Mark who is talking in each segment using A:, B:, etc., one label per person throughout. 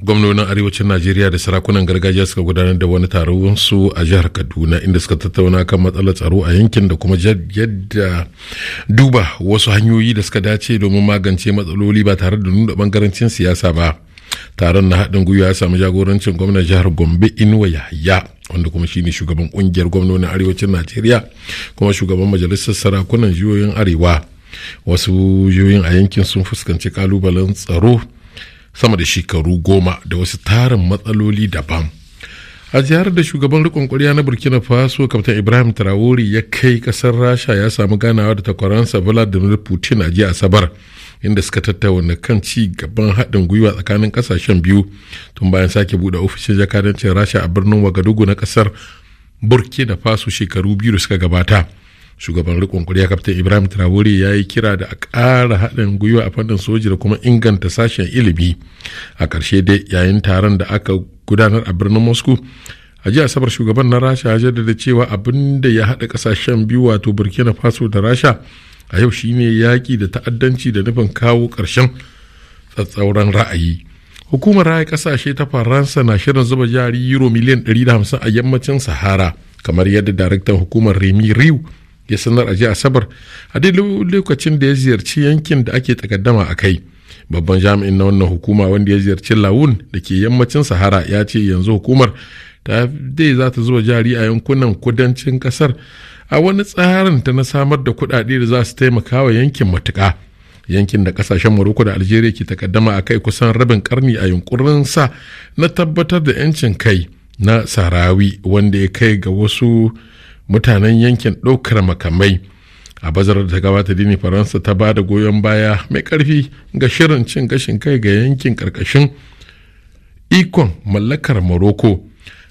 A: gwamnonin arewacin najeriya da sarakunan gargajiya suka gudanar da wani taron su a jihar kaduna inda suka tattauna kan matsalar tsaro a yankin da kuma yadda duba wasu hanyoyi da suka dace domin magance matsaloli ba tare da nuna bangarancin siyasa ba taron na haɗin gwiwa ya samu jagorancin gwamnan jihar gombe inuwa yahaya wanda kuma shine shugaban kungiyar gwamnonin arewacin najeriya kuma shugaban majalisar sarakunan jihohin arewa wasu jihohin a yankin sun fuskanci kalubalen tsaro sama da shekaru goma da wasu tarin matsaloli daban a ziyarar da shugaban rikon kwarya na burkina faso kaftan ibrahim traore ya kai ƙasar rasha ya samu ganawa da takwaransa vladimir putin a jiya asabar inda suka tattauna kan ci gaban haɗin gwiwa tsakanin ƙasashen biyu tun bayan sake buɗe ofishin jakadancin rasha a birnin wagadugu na ƙasar burkina faso shekaru biyu da suka gabata shugaban rikon kuriya kaftin ibrahim traore ya yi kira da a ƙara haɗin gwiwa a fannin soji da kuma inganta sashen ilimi a ƙarshe dai yayin taron da aka gudanar a birnin moscow a jiya asabar shugaban na rasha ya jaddada cewa abin da ya haɗa ƙasashen biyu wato burkina faso da rasha a yau shine yaƙi da ta'addanci da nufin kawo ƙarshen tsatsauran ra'ayi hukumar raya kasashe ta faransa na shirin zuba jari euro miliyan 150 a yammacin sahara kamar yadda daraktan hukumar remi riu ya sanar a ji asabar a dai lokacin da ya ziyarci yankin da ake takaddama a kai babban jami'in na wannan hukuma wanda ya ziyarci lawun da ke yammacin sahara ya ce yanzu hukumar ta dai za ta zuba jari a yankunan kudancin kasar a wani tsarin ta na samar da kudade da za su taimaka wa yankin matuka yankin da kasashen Morocco da Algeria ke takaddama a kai kusan rabin karni a yunkurin sa na tabbatar da 'yancin kai na sarawi wanda ya kai ga wasu mutanen yankin ɗaukar makamai a bazarar ta gabata dini faransa ta ba da goyon baya mai ƙarfi ga shirin cin gashin kai ga yankin ƙarƙashin ikon mallakar morocco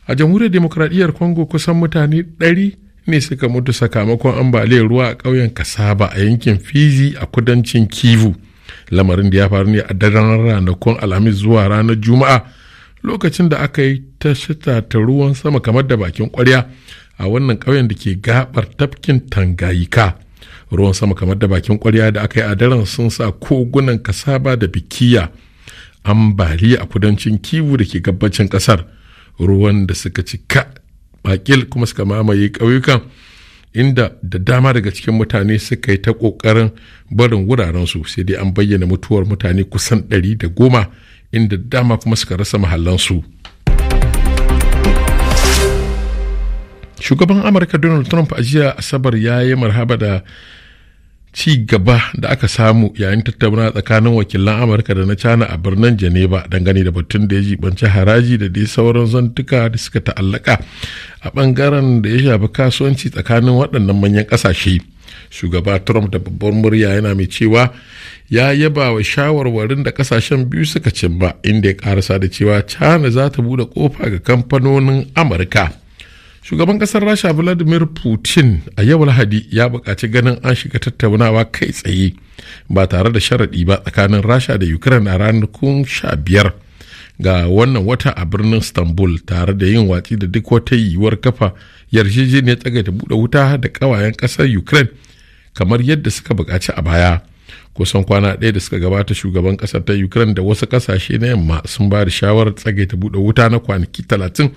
A: a jamhuriyar demokradiyyar congo kusan mutane 100 ne suka mutu sakamakon ambaliyar ruwa a ƙauyen kasaba a yankin fizi a kudancin kivu lamarin da ya faru ne a daren ranakun alhamis zuwa ranar juma'a lokacin da aka yi ta shita ta ruwan sama kamar da bakin kwarya a wannan ƙauyen da ke gabar tafkin tangayika ruwan sama kamar da bakin kwarya da aka yi a daren sun sa kogunan kasaba da bikiya ambaliya a kudancin kivu da ke gabacin ƙasar, ruwan da suka cika bakil kuma suka mamaye ƙauyukan inda da dama daga cikin mutane suka yi ta ƙoƙarin barin wurarensu sai dai an bayyana mutuwar mutane kusan ɗari da goma inda dama kuma suka rasa mahallansu. shugaban amurka donald trump a jiya asabar ya yi marhaba da ci gaba da aka samu yayin tattauna tsakanin wakilan amurka da na china a birnin geneva dangane da batun da ya ji jibanci haraji da dai sauran zantuka da suka ta'allaka a bangaren da ya shafi kasuwanci tsakanin waɗannan manyan ƙasashe shugaba trump da babbar murya yana mai cewa ya yaba wa shawarwarin da kasashen biyu suka cimma inda ya karasa da cewa china za ta bude kofa ga kamfanonin amurka shugaban kasar rasha vladimir putin a yau lahadi ya bukaci ganin an shiga tattaunawa kai tsaye ba tare da sharaɗi ba tsakanin rasha da ukraine a ranakun sha biyar ga wannan wata a birnin istanbul tare da yin watsi da duk wata yiwuwar kafa yarjejeniyar tsagaita buɗe wuta da ƙawayen ƙasar ukraine kamar yadda suka buƙaci a baya kusan kwana ɗaya da suka gabata shugaban ƙasar ta ukraine da wasu ƙasashe na yamma sun ba da shawarar tsage ta buɗe wuta na kwanaki talatin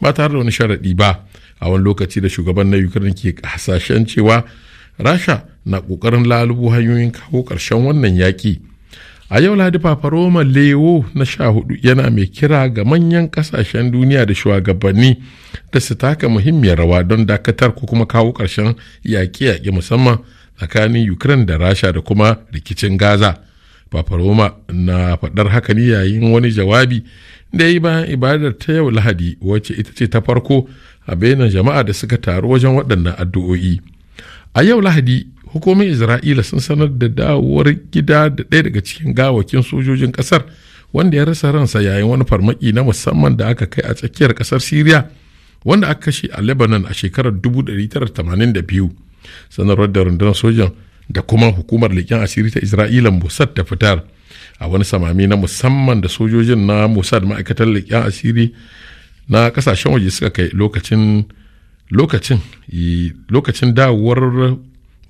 A: ba tare da wani sharaɗi ba a wani lokaci da shugaban na ukraine ke hasashen cewa rasha na ƙoƙarin lalubu hanyoyin kawo ƙarshen wannan yaƙi a yau ladi Roma lewo na sha hudu yana mai kira ga manyan ƙasashen duniya da shugabanni da su taka muhimmiyar rawa don dakatar ko kuma kawo ƙarshen yaƙe-yaƙe musamman tsakanin ukraine da rasha da kuma rikicin gaza papa roma na faɗar haka ne yayin wani jawabi da ya yi bayan ibadar ta yau lahadi wacce ita ce ta farko a bayanan jama'a da suka taru wajen waɗannan addu'o'i a yau lahadi hukumar isra'ila sun sanar da dawowar gida da ɗaya daga cikin gawakin sojojin ƙasar wanda ya rasa ransa yayin wani farmaki na musamman da aka kai a tsakiyar ƙasar syria wanda aka kashe a lebanon a shekarar 1982 sanarwar da rundunar sojan da kuma hukumar leƙen asiri ta isra'ila musad ta fitar a wani samami na musamman da sojojin na musad ma'aikatar leƙen asiri na kasashen waje suka kai lokacin lokacin lokacin dawowar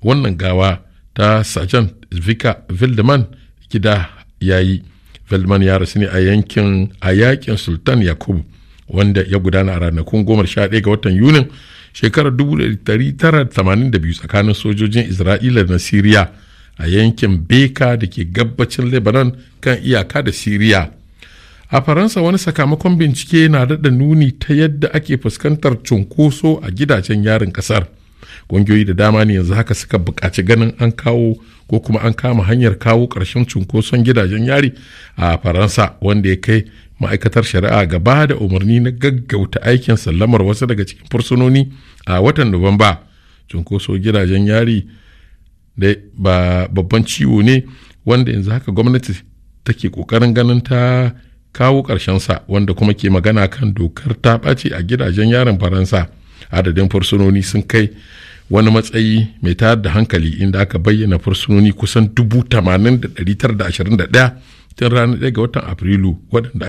A: wannan gawa ta sajan vika vildeman gida ya yi vildeman ya rasu ne a yankin a yakin sultan yakubu wanda ya gudana a ranakun goma sha ɗaya ga watan yunin shekarar 1982 tsakanin sojojin isra'ila na siriya a yankin beka da ke gabacin lebanon kan iyaka da siriya a faransa wani sakamakon bincike na daɗa nuni ta yadda ake fuskantar cunkoso a gidajen yarin ƙasar ƙungiyoyi da dama ne yanzu haka suka buƙaci ganin an kawo ko kuma an kama hanyar kawo ƙarshen cunkoson gidajen yari a faransa wanda ya kai ma'aikatar shari'a gaba da umarni na gaggauta aikin sallamar wasu daga cikin fursunoni a watan nuwamba cunkoso gidajen yari da ba babban ciwo ne wanda yanzu haka gwamnati take kokarin ganin ta kawo sa wanda kuma ke magana kan dokar ta ɓace a gidajen yarin faransa adadin fursunoni sun kai wani matsayi mai tayar da hankali inda aka bayyana fursunoni kusan dubu tamanin da tara da ashirin da ɗaya tun ranar 1 ga watan afrilu waɗanda